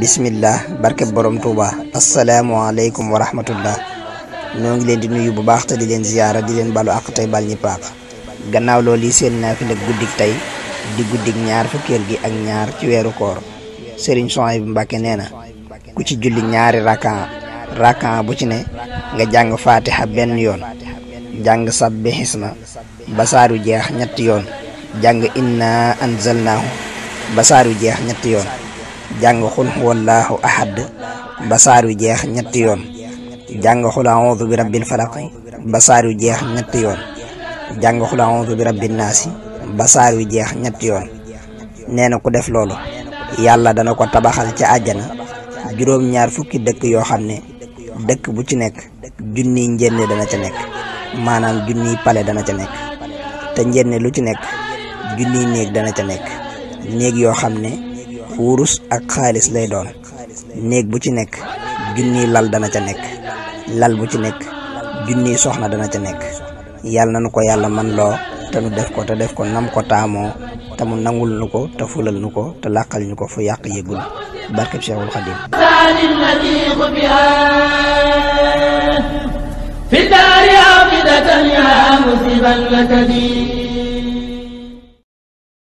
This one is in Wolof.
bismillah barke borom Touba alaykum wa rahmatullah no ngi len di nuyu bu baax te di len ziyara di len balu ak tay bal ñi papa gannaaw loolu yi seen naafila guddik tay di guddik ñaar fukkeel gi ak ñaar ci wéru koor serigne Souhaïbou mbake neena ku ci julli ñaari rakan rakan bu ci ne nga jang fatiha ben yoon jang sabbi jeex yoon jang inna anzalnau basaru jeex ñetti yoon jàng xul huwallaahu ahad ba saar yu jeex ñetti yoon jàng xul a'uudu bi rabbil falaq ba saar jeex ñetti yoon jàng xul a'uudu bi rabbin naasi ba saar jeex ñetti yoon nee na ku def loolu yàlla dana ko tabaxal ci àjjana juróom-ñaar fukki dëkk yoo xam ne dëkk bu ci nekk junniy njénne dana ci nekk maanaam junniy pale dana ci nekk te njénne lu ci nekk junniy néeg dana ca nekk néeg yoo xam ne wurus ak xaalis lay doon néeg bu ci nekk junniy lal dana ca nekk lal bu ci nekk junniy soxna dana ca nekk yàlla nanu ko yàlla mën loo te nu def ko te def ko nam ko taamoo te mu nangul nu ko te fulal nu ko te làqal ñu ko fu yàq yëgul barkeb Cheikhul Xadim fi daari